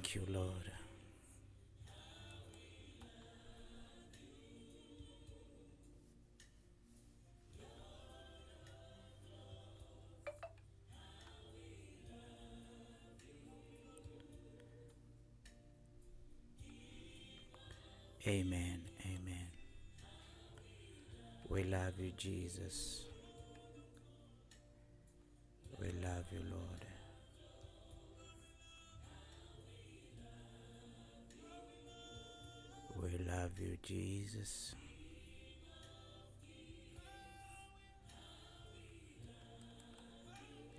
Thank you, Lord. Amen. Amen. We love you, Jesus. We love you, Lord. love you, Jesus.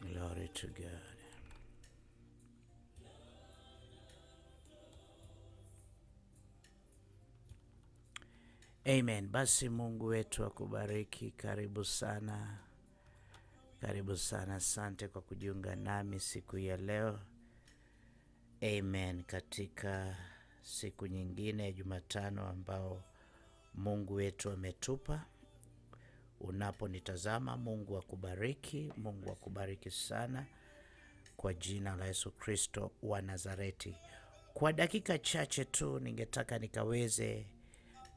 Glory to God. Amen. Basi Mungu wetu akubariki. Karibu sana, karibu sana. Asante kwa kujiunga nami siku ya leo. Amen. Katika siku nyingine ya Jumatano ambao Mungu wetu ametupa. Unaponitazama, Mungu akubariki, Mungu akubariki sana kwa jina la Yesu Kristo wa Nazareti. Kwa dakika chache tu ningetaka nikaweze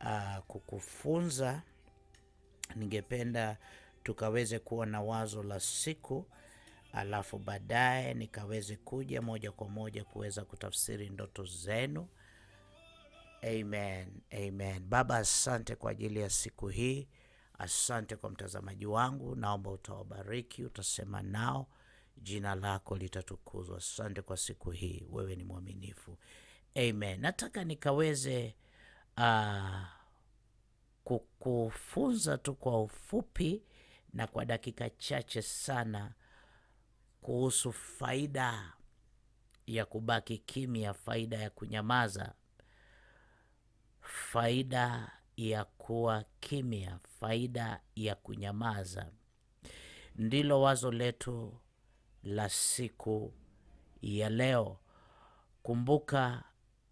uh, kukufunza. Ningependa tukaweze kuwa na wazo la siku alafu baadaye nikaweze kuja moja kwa moja kuweza kutafsiri ndoto zenu. Amen, amen. Baba, asante kwa ajili ya siku hii, asante kwa mtazamaji wangu, naomba utawabariki, utasema nao, jina lako litatukuzwa. Asante kwa siku hii, wewe ni mwaminifu. Amen. Nataka nikaweze uh, ah, kukufunza tu kwa ufupi na kwa dakika chache sana kuhusu faida ya kubaki kimya, faida ya kunyamaza faida ya kuwa kimya, faida ya kunyamaza, ndilo wazo letu la siku ya leo. Kumbuka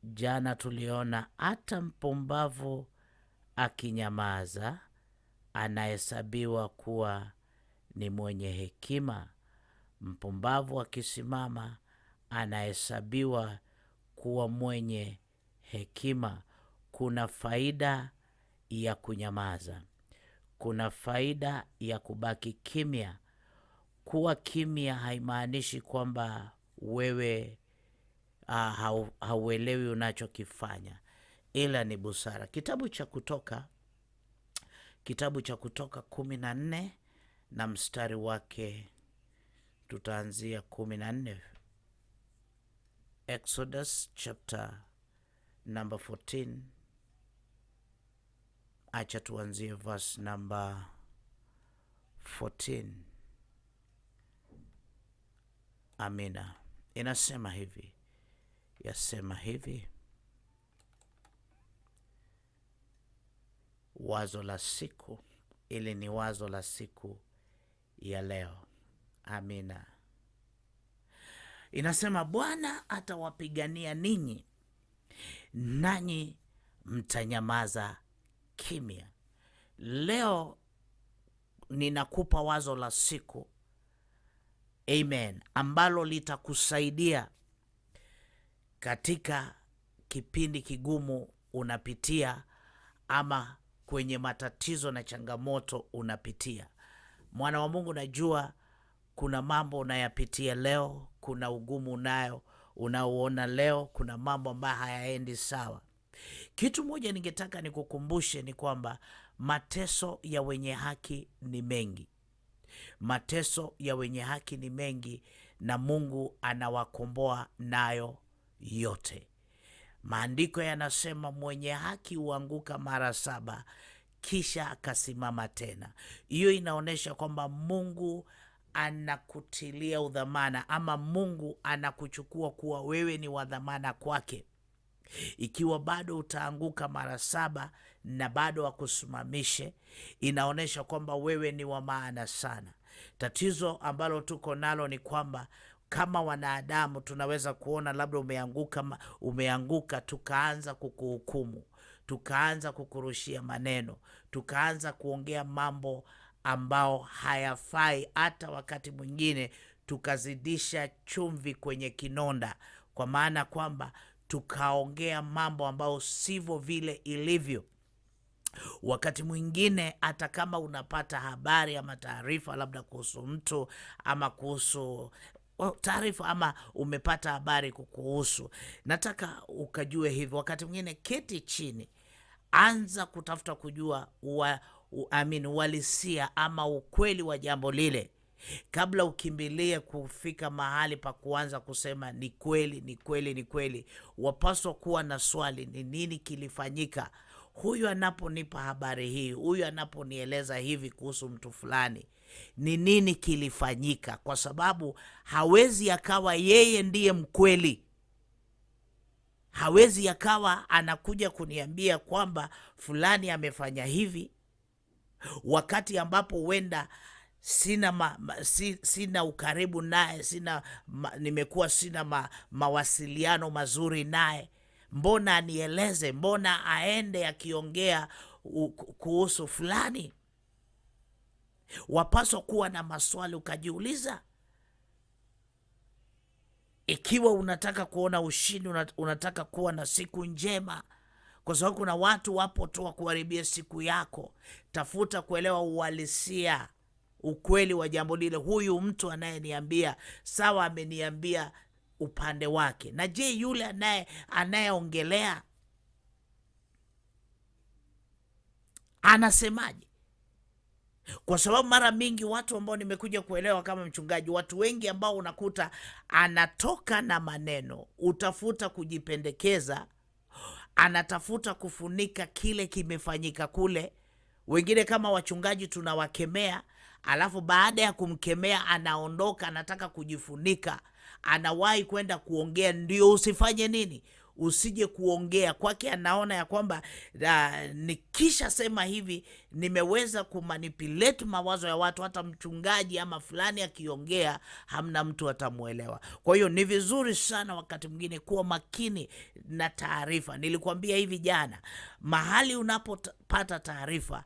jana tuliona hata mpumbavu akinyamaza anahesabiwa kuwa ni mwenye hekima. Mpumbavu akisimama anahesabiwa kuwa mwenye hekima. Kuna faida ya kunyamaza, kuna faida ya kubaki kimya. Kuwa kimya haimaanishi kwamba wewe uh, hauelewi unachokifanya, ila ni busara. Kitabu cha Kutoka, kitabu cha Kutoka kumi na nne na mstari wake tutaanzia kumi na nne. Exodus chapter number 14 acha tuanzie verse number 14. Amina, inasema hivi, yasema hivi, wazo la siku ili ni wazo la siku ya leo. Amina, inasema Bwana atawapigania ninyi nanyi mtanyamaza kimya. Leo ninakupa wazo la siku, amen, ambalo litakusaidia katika kipindi kigumu unapitia ama kwenye matatizo na changamoto unapitia. Mwana wa Mungu, najua kuna mambo unayapitia leo, kuna ugumu unayo unaoona leo, kuna mambo ambayo hayaendi sawa. Kitu moja ningetaka nikukumbushe ni kwamba mateso ya wenye haki ni mengi, mateso ya wenye haki ni mengi, na Mungu anawakomboa nayo yote. Maandiko yanasema mwenye haki huanguka mara saba kisha akasimama tena. Hiyo inaonyesha kwamba Mungu anakutilia udhamana ama Mungu anakuchukua kuwa wewe ni wa dhamana kwake. Ikiwa bado utaanguka mara saba na bado wakusimamishe, inaonyesha kwamba wewe ni wa maana sana. Tatizo ambalo tuko nalo ni kwamba kama wanadamu tunaweza kuona labda umeanguka, umeanguka tukaanza kukuhukumu, tukaanza kukurushia maneno, tukaanza kuongea mambo ambao hayafai. Hata wakati mwingine tukazidisha chumvi kwenye kinonda, kwa maana kwamba tukaongea mambo ambayo sivyo vile ilivyo. Wakati mwingine hata kama unapata habari ama taarifa labda kuhusu mtu ama kuhusu taarifa ama umepata habari kukuhusu, nataka ukajue hivyo. Wakati mwingine keti chini, anza kutafuta kujua wa, uamini walisia ama ukweli wa jambo lile kabla ukimbilie kufika mahali pa kuanza kusema ni kweli, ni kweli, ni kweli, wapaswa kuwa na swali, ni nini kilifanyika? Huyu anaponipa habari hii, huyu anaponieleza hivi kuhusu mtu fulani, ni nini kilifanyika? Kwa sababu hawezi akawa yeye ndiye mkweli hawezi akawa anakuja kuniambia kwamba fulani amefanya hivi, wakati ambapo huenda sina ma, ma, si, sina ukaribu naye, sina ma, nimekuwa sina ma, mawasiliano mazuri naye, mbona anieleze? Mbona aende akiongea kuhusu fulani? Wapaswa kuwa na maswali ukajiuliza. Ikiwa unataka kuona ushindi, unataka kuwa na siku njema, kwa sababu kuna watu wapo tu wa kuharibia siku yako. Tafuta kuelewa uhalisia ukweli wa jambo lile. Huyu mtu anayeniambia sawa, ameniambia upande wake, na je, yule anaye anayeongelea anasemaje? Kwa sababu mara mingi watu ambao nimekuja kuelewa kama mchungaji, watu wengi ambao unakuta anatoka na maneno, utafuta kujipendekeza, anatafuta kufunika kile kimefanyika kule. Wengine kama wachungaji tunawakemea alafu baada ya kumkemea anaondoka, anataka kujifunika, anawahi kwenda kuongea. Ndio usifanye nini, usije kuongea kwake. Anaona ya kwamba ah, nikisha sema hivi nimeweza kumanipulate mawazo ya watu, hata mchungaji ama fulani akiongea, hamna mtu atamwelewa. Kwa hiyo ni vizuri sana wakati mwingine kuwa makini na taarifa. Nilikuambia hivi jana, mahali unapopata taarifa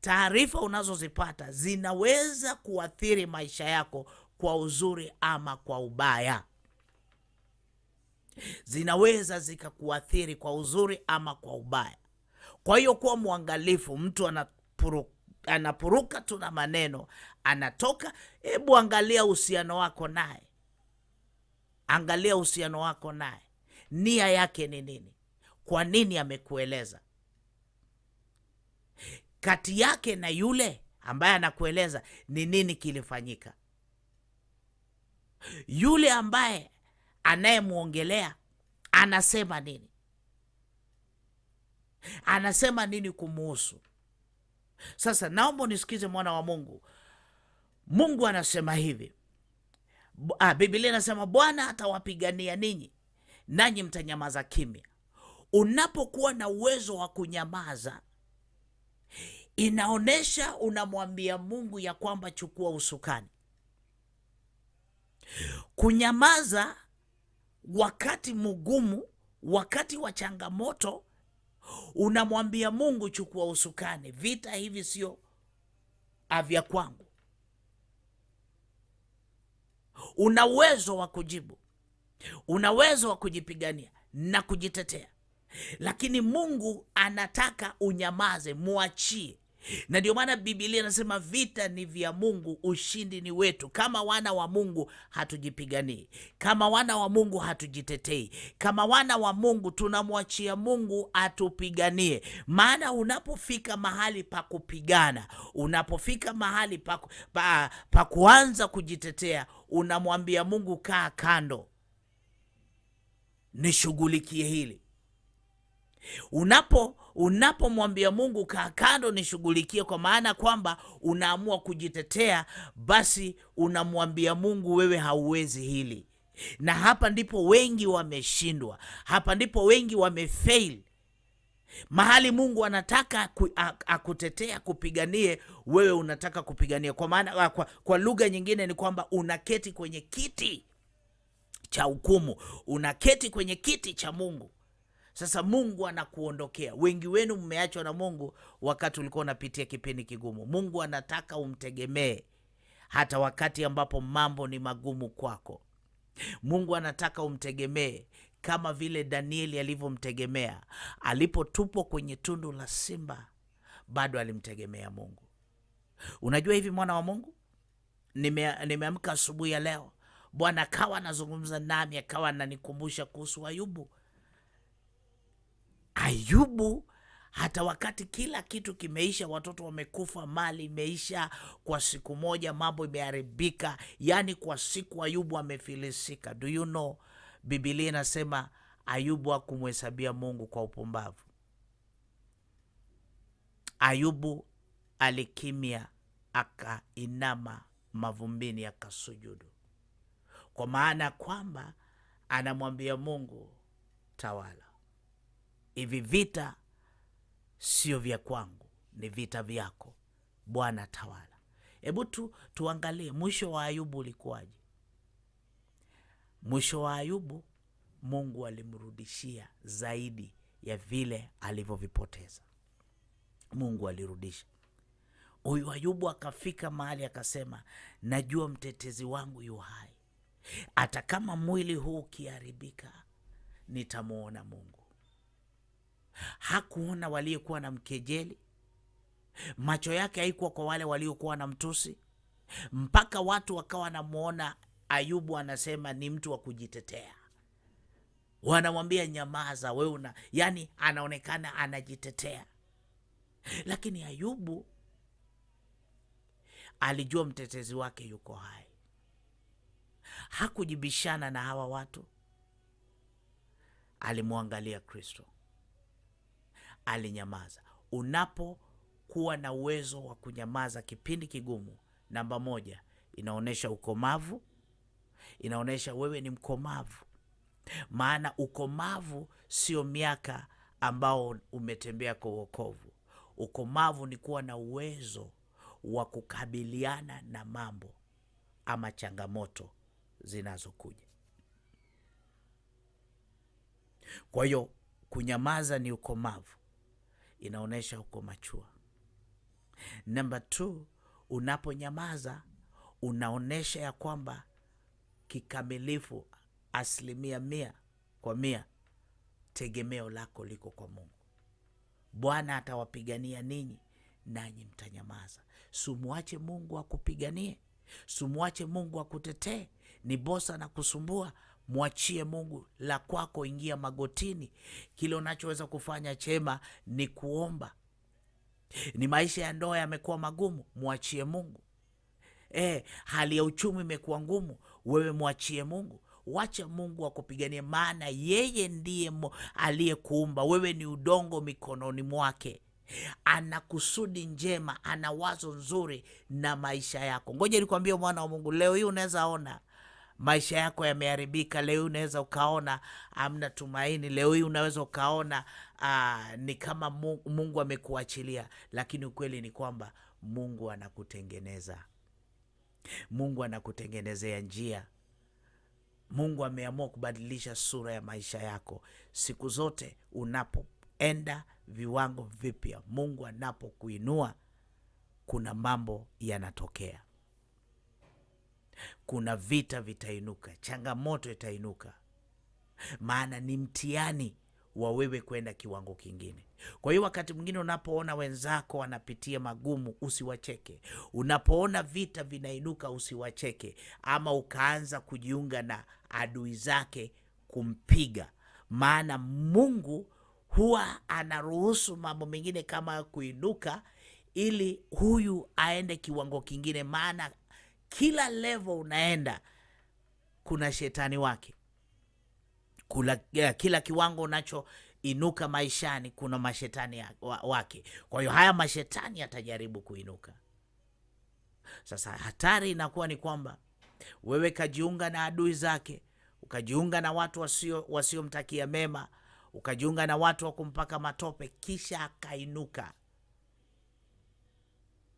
taarifa unazozipata zinaweza kuathiri maisha yako kwa uzuri ama kwa ubaya. Zinaweza zikakuathiri kwa uzuri ama kwa ubaya. Kwa hiyo kuwa mwangalifu. Mtu anapuru, anapuruka tu na maneno anatoka. Hebu angalia uhusiano wako naye, angalia uhusiano wako naye, nia yake ni nini? Kwa nini amekueleza? kati yake na yule ambaye anakueleza ni nini kilifanyika. Yule ambaye anayemwongelea anasema nini? Anasema nini kumuhusu? Sasa naomba unisikize, mwana wa Mungu. Mungu anasema hivi, ah, Biblia inasema Bwana atawapigania ninyi nanyi mtanyamaza kimya. Unapokuwa na uwezo wa kunyamaza inaonyesha unamwambia Mungu ya kwamba chukua usukani. Kunyamaza wakati mgumu, wakati wa changamoto, unamwambia Mungu chukua usukani, vita hivi sio avya kwangu. Una uwezo wa kujibu, una uwezo wa kujipigania na kujitetea, lakini Mungu anataka unyamaze, mwachie na ndio maana bibilia inasema vita ni vya Mungu, ushindi ni wetu. Kama wana wa Mungu hatujipiganii, kama wana wa Mungu hatujitetei, kama wana wa Mungu tunamwachia Mungu atupiganie. Maana unapofika mahali pa kupigana, unapofika mahali pa, pa, pa kuanza kujitetea, unamwambia Mungu, kaa kando, nishughulikie hili unapo Unapomwambia Mungu kaa kando nishughulikie, kwa maana kwamba unaamua kujitetea, basi unamwambia Mungu wewe hauwezi hili. Na hapa ndipo wengi wameshindwa, hapa ndipo wengi wamefail. Mahali Mungu anataka akutetea kupiganie, wewe unataka kupigania. Kwa maana kwa, kwa lugha nyingine ni kwamba unaketi kwenye kiti cha hukumu, unaketi kwenye kiti cha Mungu sasa Mungu anakuondokea. Wengi wenu mmeachwa na Mungu wakati ulikuwa unapitia kipindi kigumu. Mungu anataka umtegemee hata wakati ambapo mambo ni magumu kwako. Mungu anataka umtegemee kama vile Danieli alivyomtegemea alipotupwa kwenye tundu la simba, bado alimtegemea Mungu. Unajua hivi, mwana wa Mungu, nimeamka nime asubuhi ya leo, Bwana akawa anazungumza nami, akawa ananikumbusha kuhusu Ayubu. Ayubu hata wakati kila kitu kimeisha, watoto wamekufa, mali imeisha, kwa siku moja mambo imeharibika, yaani kwa siku Ayubu amefilisika. Do you know, Bibilia inasema Ayubu hakumhesabia Mungu kwa upumbavu. Ayubu alikimya, akainama mavumbini, akasujudu, kwa maana kwamba anamwambia Mungu tawala hivi vita sio vya kwangu, ni vita vyako Bwana, tawala. Hebu tu tuangalie mwisho wa Ayubu ulikuwaje? Mwisho wa Ayubu, Mungu alimrudishia zaidi ya vile alivyovipoteza. Mungu alirudisha. Huyu Ayubu akafika mahali akasema, najua mtetezi wangu yu hai, hata kama mwili huu ukiharibika, nitamwona Mungu hakuona waliokuwa na mkejeli, macho yake haikuwa kwa wale waliokuwa na mtusi, mpaka watu wakawa wanamwona Ayubu, anasema ni mtu wa kujitetea. Wanamwambia nyamaza, wewe una, yani anaonekana anajitetea, lakini Ayubu alijua mtetezi wake yuko hai. Hakujibishana na hawa watu, alimwangalia Kristo alinyamaza. Unapokuwa na uwezo wa kunyamaza kipindi kigumu, namba moja, inaonyesha ukomavu, inaonyesha wewe ni mkomavu. Maana ukomavu sio miaka ambao umetembea kwa uokovu. Ukomavu ni kuwa na uwezo wa kukabiliana na mambo ama changamoto zinazokuja. Kwa hiyo kunyamaza ni ukomavu inaonyesha uko machua. Namba two, unaponyamaza unaonyesha ya kwamba kikamilifu, asilimia mia kwa mia, tegemeo lako liko kwa Mungu. Bwana atawapigania ninyi nanyi mtanyamaza. Sumwache Mungu akupiganie, sumwache Mungu akutetee. Ni bosa na kusumbua mwachie Mungu. La kwako, ingia magotini. Kile unachoweza kufanya chema ni kuomba. Ni maisha ya ndoa yamekuwa magumu, mwachie Mungu. E, hali ya uchumi imekuwa ngumu, wewe mwachie Mungu. Wacha Mungu akupiganie, maana yeye ndiye aliyekuumba wewe, ni udongo mikononi mwake. Ana kusudi njema, ana wazo nzuri na maisha yako. Ngoja nikwambie, mwana wa Mungu, leo hii unaweza ona maisha yako yameharibika. Leo hii unaweza ukaona amna tumaini, leo hii unaweza ukaona aa, ah, ni kama Mungu, Mungu amekuachilia, lakini ukweli ni kwamba Mungu anakutengeneza, Mungu anakutengenezea njia. Mungu ameamua kubadilisha sura ya maisha yako siku zote unapoenda viwango vipya, Mungu anapokuinua kuna mambo yanatokea kuna vita vitainuka, changamoto itainuka, maana ni mtihani wa wewe kwenda kiwango kingine. Kwa hiyo wakati mwingine unapoona wenzako wanapitia magumu, usiwacheke. Unapoona vita vinainuka, usiwacheke, ama ukaanza kujiunga na adui zake kumpiga, maana Mungu huwa anaruhusu mambo mengine kama kuinuka, ili huyu aende kiwango kingine, maana kila levo unaenda kuna shetani wake kula, eh, kila kiwango unachoinuka maishani kuna mashetani wake. Kwa hiyo haya mashetani yatajaribu kuinuka. Sasa hatari inakuwa ni kwamba wewe kajiunga na adui zake, ukajiunga na watu wasiomtakia wasio mema, ukajiunga na watu wa kumpaka matope, kisha akainuka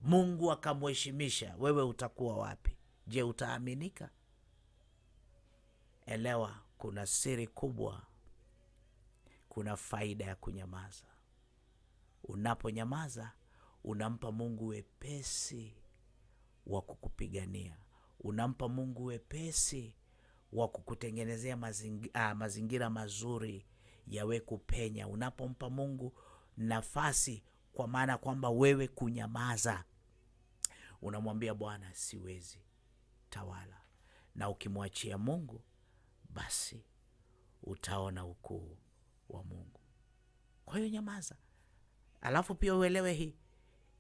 Mungu akamheshimisha, wewe utakuwa wapi? Je, utaaminika? Elewa, kuna siri kubwa, kuna faida ya kunyamaza. Unaponyamaza unampa Mungu wepesi wa kukupigania, unampa Mungu wepesi wa kukutengenezea mazingi, ah, mazingira mazuri yawe kupenya. Unapompa Mungu nafasi kwa maana kwamba wewe kunyamaza, unamwambia Bwana, siwezi tawala, na ukimwachia Mungu basi utaona ukuu wa Mungu. Kwa hiyo nyamaza, alafu pia uelewe hii,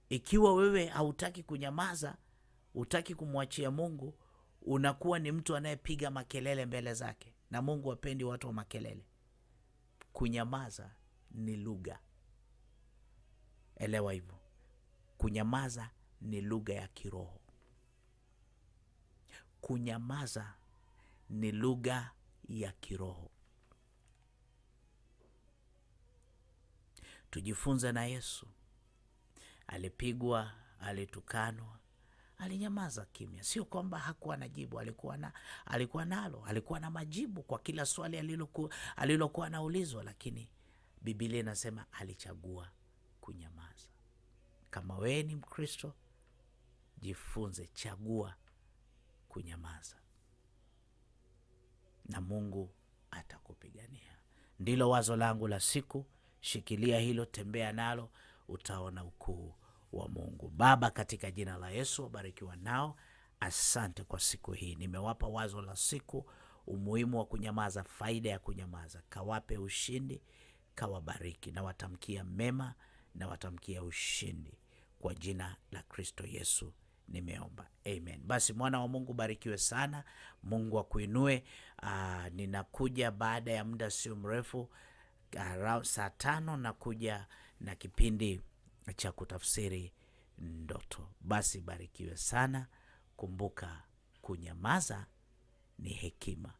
ikiwa wewe hautaki kunyamaza, hutaki kumwachia Mungu, unakuwa ni mtu anayepiga makelele mbele zake, na Mungu hapendi watu wa makelele. Kunyamaza ni lugha Elewa hivyo, kunyamaza ni lugha ya kiroho. Kunyamaza ni lugha ya kiroho. Tujifunze na Yesu. Alipigwa, alitukanwa, alinyamaza kimya. Sio kwamba hakuwa na jibu, alikuwa na alikuwa nalo, alikuwa na majibu kwa kila swali alilokuwa alilokuwa anaulizwa, lakini Biblia inasema alichagua kunyamaza. Kama wewe ni Mkristo, jifunze, chagua kunyamaza na Mungu atakupigania. Ndilo wazo langu la siku. Shikilia hilo, tembea nalo, utaona ukuu wa Mungu. Baba, katika jina la Yesu, wabarikiwa nao. Asante kwa siku hii, nimewapa wazo la siku, umuhimu wa kunyamaza, faida ya kunyamaza. Kawape ushindi, kawabariki na watamkia mema na watamkia ushindi kwa jina la Kristo Yesu nimeomba amen. Basi mwana wa Mungu barikiwe sana, Mungu akuinue. Ah, ninakuja baada ya muda sio mrefu, saa tano nakuja na kipindi cha kutafsiri ndoto. Basi barikiwe sana. Kumbuka, kunyamaza ni hekima.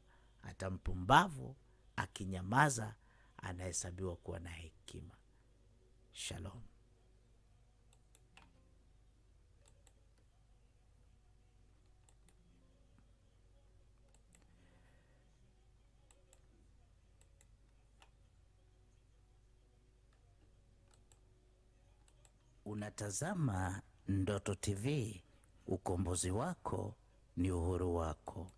Hata mpumbavu akinyamaza anahesabiwa kuwa na hekima. Shalom. Unatazama Ndoto TV. Ukombozi wako ni uhuru wako.